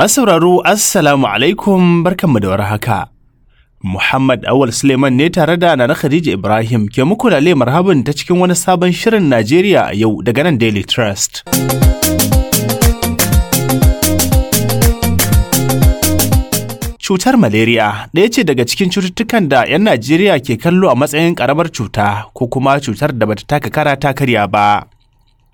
Masu sauraro Assalamu alaikum barkanmu da warhaka. Muhammad Awal Suleiman ne tare da Nana Khadija Ibrahim ke muku lale marhaban ta cikin wani sabon shirin Najeriya a yau daga nan Daily Trust. Cutar malaria ɗaya ce daga cikin cututtukan da 'yan Najeriya ke kallo a matsayin ƙaramar cuta ko kuma cutar da bata taka kara ta karya ba.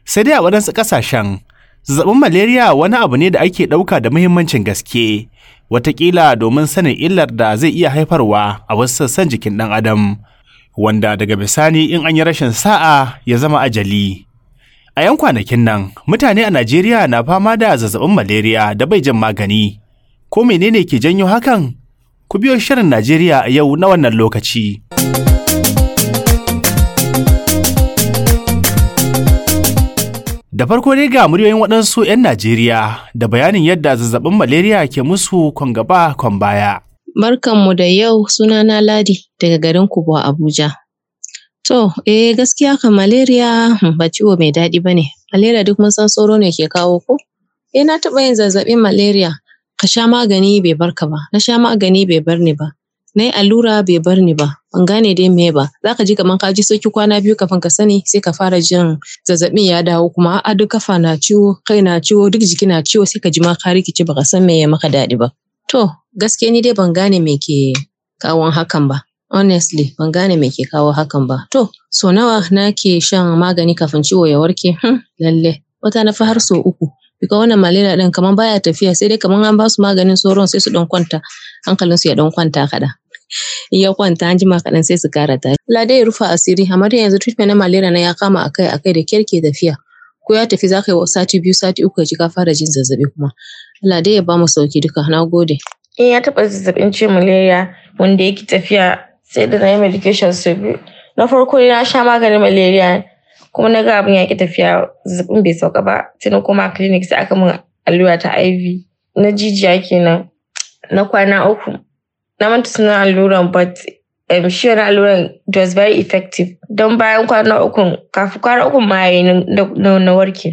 Sai dai a waɗansu ƙasashen zazzabin malaria wani abu ne da ake ɗauka da muhimmancin gaske watakila domin sanin illar da zai iya haifarwa a wasu sassan jikin ɗan adam wanda daga bisani in an yi rashin sa'a ya zama ajali a yan kwanakin nan mutane a najeriya na fama da zazzabin malaria da bai jin magani ko menene ke janyo hakan ku biyo shirin najeriya a yau na wannan lokaci. Da farko dai ga muryoyin waɗansu 'yan Najeriya da bayanin yadda zazzabin malaria ke musu kwan gaba kwan baya. Barkanmu da yau suna na Ladi daga garin Kubo Abuja. To, eh gaskiya kan malaria hmm, ba ciwo mai daɗi ba ne. Malaria duk mun san tsoro ne ke kawo ko? Eh na taɓa yin zazzabin malaria. Ka sha magani bai barka ba, na sha magani bai bar ni ba. na yi allura bai bar ni ba ban gane dai me ba za ka ji kamar ka ji sauki kwana biyu kafin ka sani sai ka fara jin zazzabin ya dawo kuma a'a duk kafa na ciwo kai na ciwo duk jiki na ciwo sai ka ji ma ka rikice baka san me ya maka daɗi ba to gaskiya ni dai ban gane me ke kawo hakan ba honestly ban gane me ke kawo hakan ba to so nawa nake shan magani kafin ciwo ya warke hmm, lalle wata na fi har sau uku bika wannan malaria din kaman baya tafiya sai dai kaman an ba su maganin sauron sai su ɗan kwanta hankalin ya ɗan kwanta kaɗan ya kwanta an jima kaɗan sai su ƙara tashi. Allah ya rufa asiri amma dai yanzu treatment na malaria na ya kama akai akai da kyar ke tafiya. Ko ya tafi za ka yi sati biyu sati uku ya ji ka fara jin zazzabi kuma. Allah ya ba mu sauki duka na gode. In eh, ya taɓa zazzabin ce malaria wanda yake tafiya sai da na yi medication sau biyu. Na farko na sha maganin malaria kuma na ga abin ya ki tafiya zazzabin bai sauka ba sai na koma clinic sai aka min allura ta IV na jijiya kenan na kwana uku na manta suna alluran but um, shi wani alluran it was very effective don bayan kwana uku kafin kwana uku ma yi na warke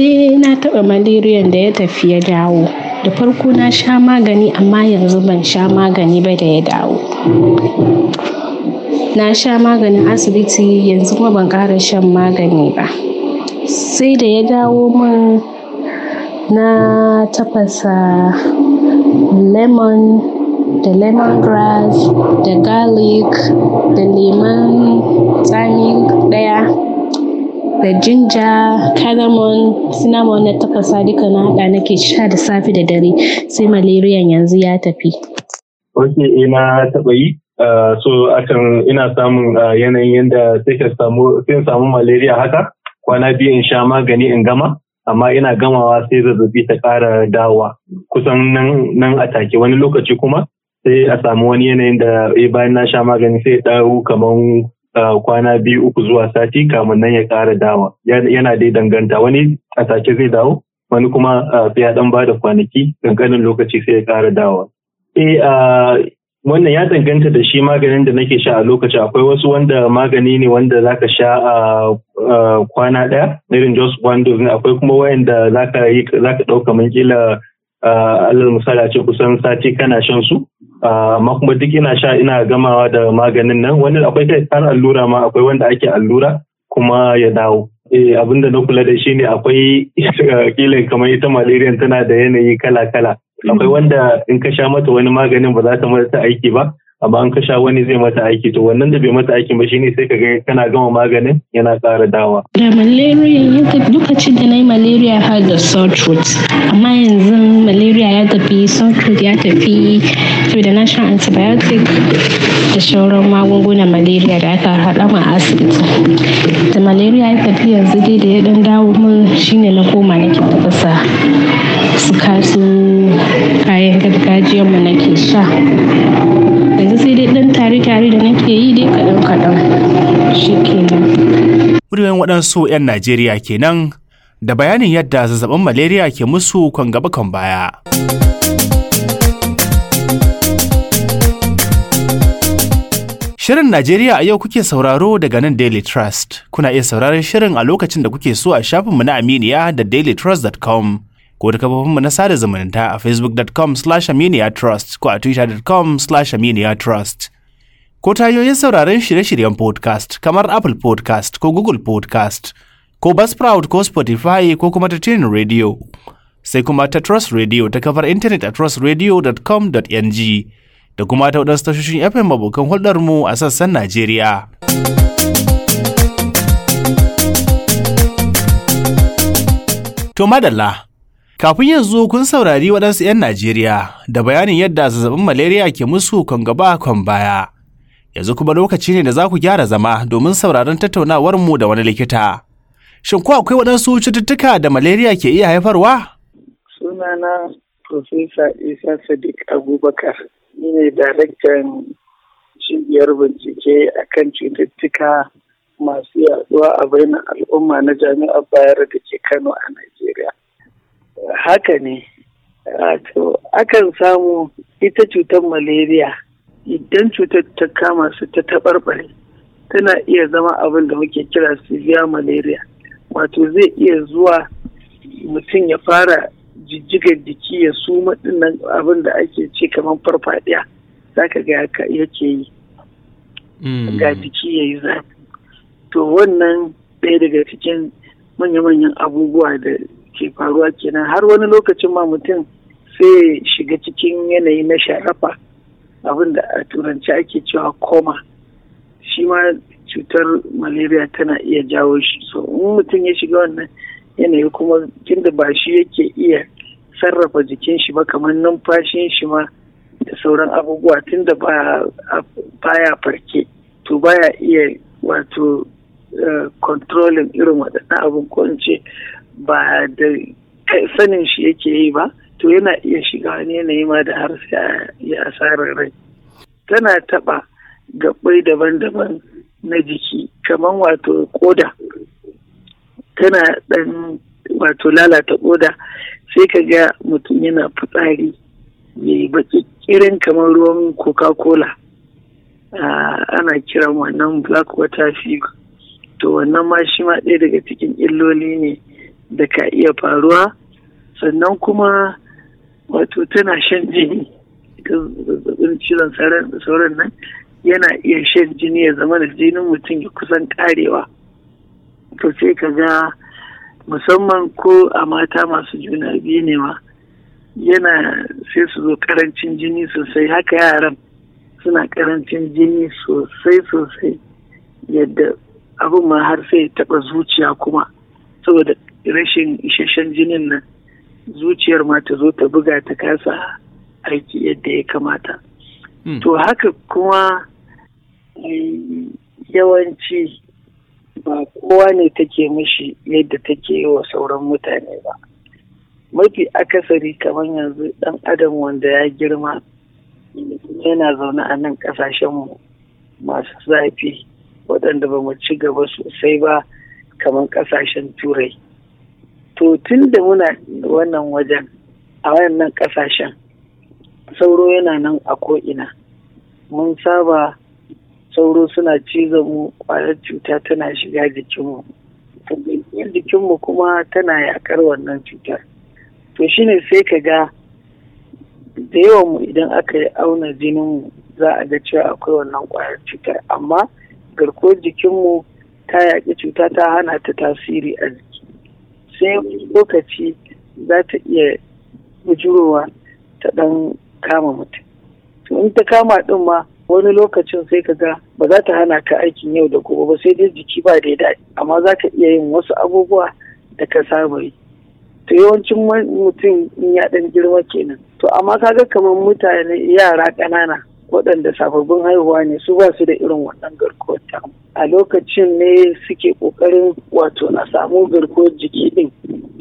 eh na taba malaria da ya tafi ya dawo da farko na sha magani amma yanzu ban sha magani ba da ya dawo na sha maganin asibiti yanzu kuma ban kara shan magani ba sai da ya dawo min na tafasa lemon da lemon grass da garlic da lemon tsami ɗaya da ginger, cardamom, cinnamon na tafasa duka na haɗa nake sha da safe da dare sai maleriyan yanzu ya tafi. Ok, eh taɓa yi. Uh, so akan ina samun uh, yanayin yadda sai samu malaria haka kwana biyu in sha magani in gama amma ina gamawa sai zazzabi ta ƙara dawa kusan nan a take wani lokaci kuma sai a samu wani yanayin da eh, bayan na sha magani sai dawo kamar ah, kwana biyu uku zuwa sati kamun nan ya ƙara dawa yana dai danganta wani a take zai dawo wani kuma ah, sai ya dan ba da kwanaki kankanin lokaci sai ya ƙara dawa eh, ah, wannan ya danganta da shi maganin da nake sha a lokaci akwai wasu wanda magani ne wanda zaka sha a kwana ɗaya irin Jos one dose akwai kuma wayanda zaka yi zaka ɗauka mun kila alal misali a ce kusan sati kana shan su amma kuma duk ina sha ina gamawa da maganin nan wani akwai kai kan allura ma akwai wanda ake allura kuma ya dawo eh, abin da na kula da shi ne akwai kila kamar ita malaria tana da yanayi kala-kala akwai hmm. wanda in ka sha mata wani maganin ba za ta mata aiki ba amma an kasha wani zai mata aiki to wannan da bai mata aiki ba shine sai ka kaga kana gama maganin yana ƙara dawa da malaria lokacin da na yi malaria har da sore throat amma yanzu malaria ya tafi sore throat ya tafi to da na sha antibiotic da shauran magungunan malaria da aka haɗa ma asibiti da malaria ya tafi yanzu dai da ya dan dawo min shine na koma nake tafasa su kasu kayan gargajiyarmu nake sha ɗan tare-tare da nake yi dai kaɗan-kaɗan shi kenan. Wurin waɗansu 'yan Najeriya kenan da bayanin yadda zazzaɓin malaria ke musu kan gaba kan baya. Shirin Najeriya a yau kuke sauraro daga nan Daily Trust. Kuna iya sauraron shirin a lokacin da kuke so a shafinmu na Aminiya da dailytrust.com. ko ta kafofinmu na sada zumunta a facebook.com slash aminiyatrust ko a twitter.com slash aminiyatrust. Ko ta yoyin sauraron shirye-shiryen podcast kamar Apple podcast ko Google podcast ko Buzzsprout ko Spotify ko kuma ta tunin radio. Sai kuma ta Trust Radio ta kafar intanet a trustradio.com.ng da kuma ta waɗansu tashoshin FM abokan hulɗarmu a sassan Najeriya. To madalla. Kafin yanzu kun saurari waɗansu 'yan Najeriya da bayanin yadda zazzabin malaria ke musu kan gaba kan baya. Yanzu kuma lokaci ne da za ku gyara zama domin sauraron tattaunawar mu da wani likita. Shin ko akwai waɗansu cututtuka da malaria ke iya haifarwa? Sunana Profesa Isa Sadiq Abubakar, ni ne daraktan cibiyar bincike a kan cututtuka masu yaduwa a bainar al'umma na jami'ar bayar da ke Kano a Najeriya. haka ne to akan samu ita cutar malaria idan cutar ta kama su ta taɓarɓare tana iya zama abin da muke kira severe malaria wato zai iya zuwa mutum ya fara jijjigar jiki ya suma dinnan abin da ake ce kamar farfadiya za ka ga yake yi mm. ga jiki ya yi zafi to wannan ɗaya daga cikin manya-manyan abubuwa da ke faruwa kenan har wani lokacin ma mutum sai shiga cikin yanayi na sharafa abinda a turanci ake cewa koma shi ma cutar malaria tana iya jawo shi so in mutum ya shiga wannan yanayi kuma tunda ba shi yake iya sarrafa jikin shi ba kamar numfashin shi ma da sauran abubuwa tunda baya farke to baya iya wato eh, controlling irin waɗannan abin ko ce ba da sanin shi yake yi ba to yana iya shiga wani yanayi ma da har sai ya asarar rai tana taɓa gaɓɓai daban-daban na jiki kamar wato koda tana ɗan wato lalata koda sai ka ga mutum yana fitsari mai baki kirin kamar ruwan coca-cola ana kiran wannan black water fig to wannan ma shi ma ɗaya daga cikin illoli ne da ka iya faruwa sannan kuma wato tana shan jini ita zazzabin cizon sauran nan yana iya shan jini ya zama da jinin mutum ya kusan karewa to sai ka ga musamman ko a mata masu juna biyu ne ma yana sai su zo karancin jini sosai haka yaran suna karancin jini sosai sosai yadda abin ma har sai taɓa zuciya kuma saboda rashin isasshen jinin nan zuciyar ma ta zo ta buga ta kasa aiki yadda ya kamata hmm. to haka kuma yawanci ba kowa ne take mishi yadda take yi wa sauran mutane ba mafi akasari kamar yanzu ɗan adam wanda ya girma yana zaune a nan ƙasashenmu masu zafi waɗanda ba mu ci gaba sosai ba kamar ƙasashen turai to tun da muna wannan wajen a wannan kasashen sauro yana nan a ko'ina mun saba sauro suna ciza mu kwayar cuta tana shiga jikinmu jikinmu kuma tana yakar wannan cutar to shine sai ka ga da yawan mu idan aka yi auna jininmu za a ga cewa akwai wannan kwayar cutar amma garkuwar jikinmu ta yaƙi cuta ta hana ta tasiri a jiki sai lokaci za ta iya bujurowa ta ɗan kama mutum to in ta kama ɗin ma wani lokacin sai ka ga ba za ta hana ka aikin yau da gobe ba sai dai jiki ba daidai amma za ka iya yin wasu abubuwa da ka saba yi to yawancin mutum in ya ɗan girma kenan to amma ka ga kamar mutane yara ƙanana waɗanda sababbin haihuwa ne su ba su da irin wannan garkuwar ta a lokacin ne suke ƙoƙarin wato na samu garkuwar jiki ɗin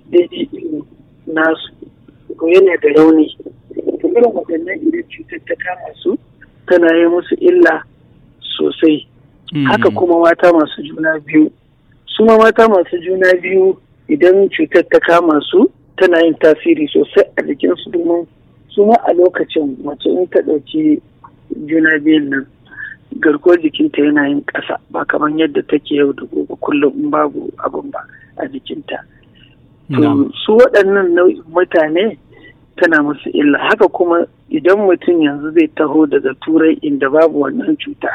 daidai nasu ko yana da rauni to irin waɗannan irin cutar ta su tana yi musu illa sosai mm. haka kuma mata masu juna biyu su ma mata masu juna biyu idan cutar ta tana yin tasiri sosai a jikinsu domin su ma a lokacin mace in ta ɗauki juna biyun nan garkuwar jikinta yana yin ƙasa ba kamar yadda take yau da gobe kullum in babu abin ba a jikinta to su waɗannan nau'in mutane tana musu illa haka kuma idan mutum yanzu zai taho daga turai inda babu wannan cuta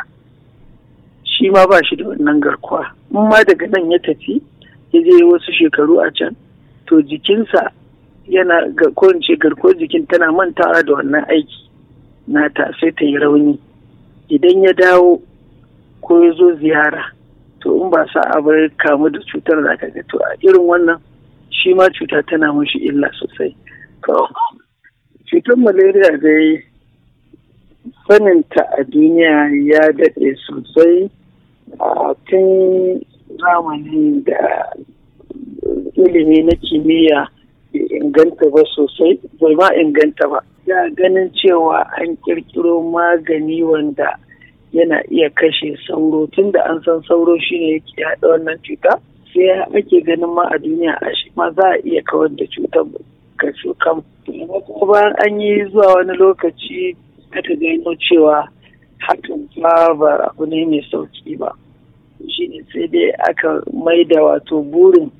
shi ma ba shi da wannan garkuwa in ma daga nan ya tafi ya je wasu shekaru a can to jikinsa yana ko in ce garkuwar jikin tana mantawa da wannan aiki nata sai ta yi rauni idan ya dawo ko ya zo ziyara to in ba sa a bar kamu da cutar da aka to a irin wannan shi ma cuta tana mushi illa sosai cutar malaria dai saninta a duniya ya daɗe sosai a tun zamanin da ilimi na kimiyya ya inganta ba sosai bai ma inganta ba da ganin cewa an kirkiro magani wanda yana iya kashe sauro tun da an san sauro shine yake haɗa wannan cuta sai ake ganin ma a duniya a shi ma za a iya kawar da cutar ka cukan kuma bayan an yi zuwa wani lokaci aka gano cewa hakan ba ba abu ne mai sauki ba shine sai dai aka maida wato burin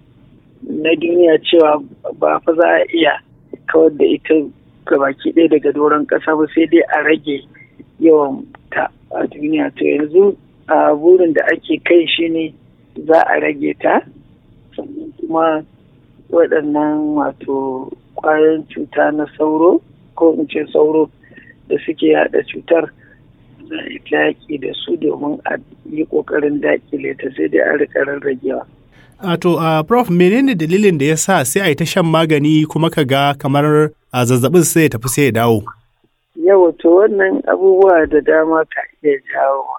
na duniya cewa ba fa za a iya kawar da ita baki ɗaya daga doron ƙasa ba sai dai a rage yawan ta a duniya to yanzu a burin da ake kai shi ne za a rage ta sannan kuma waɗannan wato ƙwayan cuta na sauro ko in ce sauro da suke yada cutar za a yaƙi da su domin a yi ƙoƙarin daƙile ta sai dai a rika rarragewa. a to a prof menene dalilin da ya sa sai a yi ta shan magani kuma ka ga kamar a zazzabin sai ya tafi sai ya dawo. Yau, to wannan abubuwa da dama ka iya jawowa.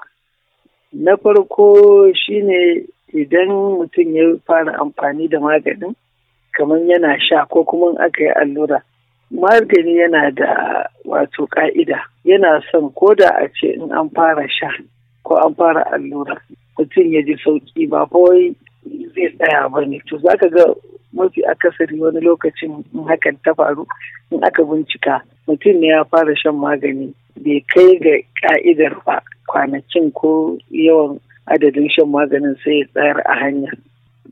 Na farko shine idan mutum ya fara amfani da maganin kamar yana sha ko kuma aka yi allura. Magani yana da wato ka'ida yana son ko da a ce in an fara sha ko an fara allura mutum ya ji sauki ba kawai zai tsaya ba ne to za ka ga mafi akasari wani lokacin in hakan ta faru in aka bincika mutum ne ya fara shan magani bai kai ga ka'idar ba kwanakin ko yawan adadin shan maganin sai ya tsayar a hanya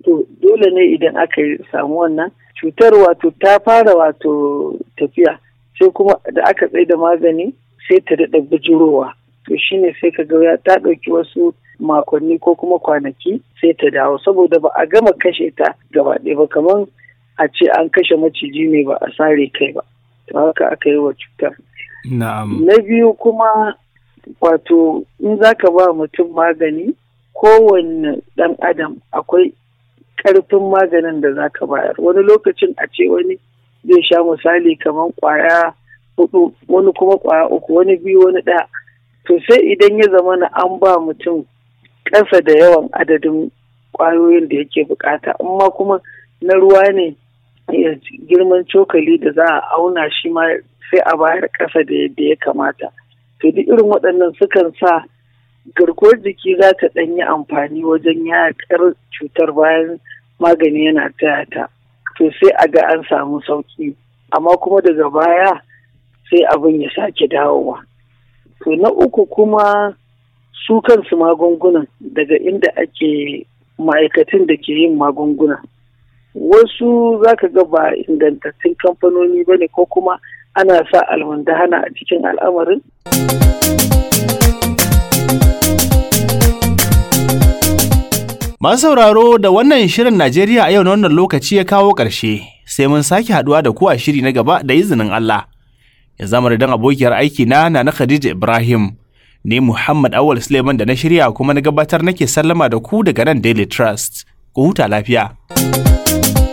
to dole ne idan aka samu wannan cutar wato ta fara wato tafiya sai kuma da aka tsaye da magani sai ta daɗa bijirowa to shine sai ka ga ta ɗauki wasu makonni ko kuma kwanaki sai ta dawo saboda ba a gama kashe ta gaba ɗaya ba kamar a ce an kashe maciji ne ba a sare kai ba to haka aka yi wa cutar na biyu kuma wato in za ka ba mutum magani kowanne ɗan adam akwai ƙarfin maganin da za ka bayar wani lokacin a ce wani zai sha misali kamar ƙwaya hudu wani kuma ƙwaya uku wani biyu wani ɗaya to sai idan ya zamana an ba mutum ƙasa da yawan adadin ƙwayoyin da yake bukata amma kuma na ruwa ne girman cokali da za a auna shi ma sai a bayar ƙasa da yadda ya kamata to duk irin waɗannan sukan sa garkuwar jiki za ta ɗan yi amfani wajen yaƙar cutar bayan magani yana taya ta to sai a ga an samu sauƙi amma kuma daga baya sai abin ya sake dawowa to na uku kuma su kansu magungunan daga inda ake ma'aikatan da ke yin magunguna wasu za ka ga ba ingantattun kamfanoni ba ne ko kuma ana sa hana a cikin al'amarin Masu sauraro da wannan shirin Najeriya a yau na wannan lokaci ya kawo ƙarshe sai mun sake haɗuwa da kuwa shiri na gaba da izinin Allah. Ya zama da don abokiyar aiki na na Khadija Ibrahim. Ni Muhammad Awal Suleiman da na shirya kuma na gabatar nake sallama da ku daga nan Daily Trust. Ku huta lafiya.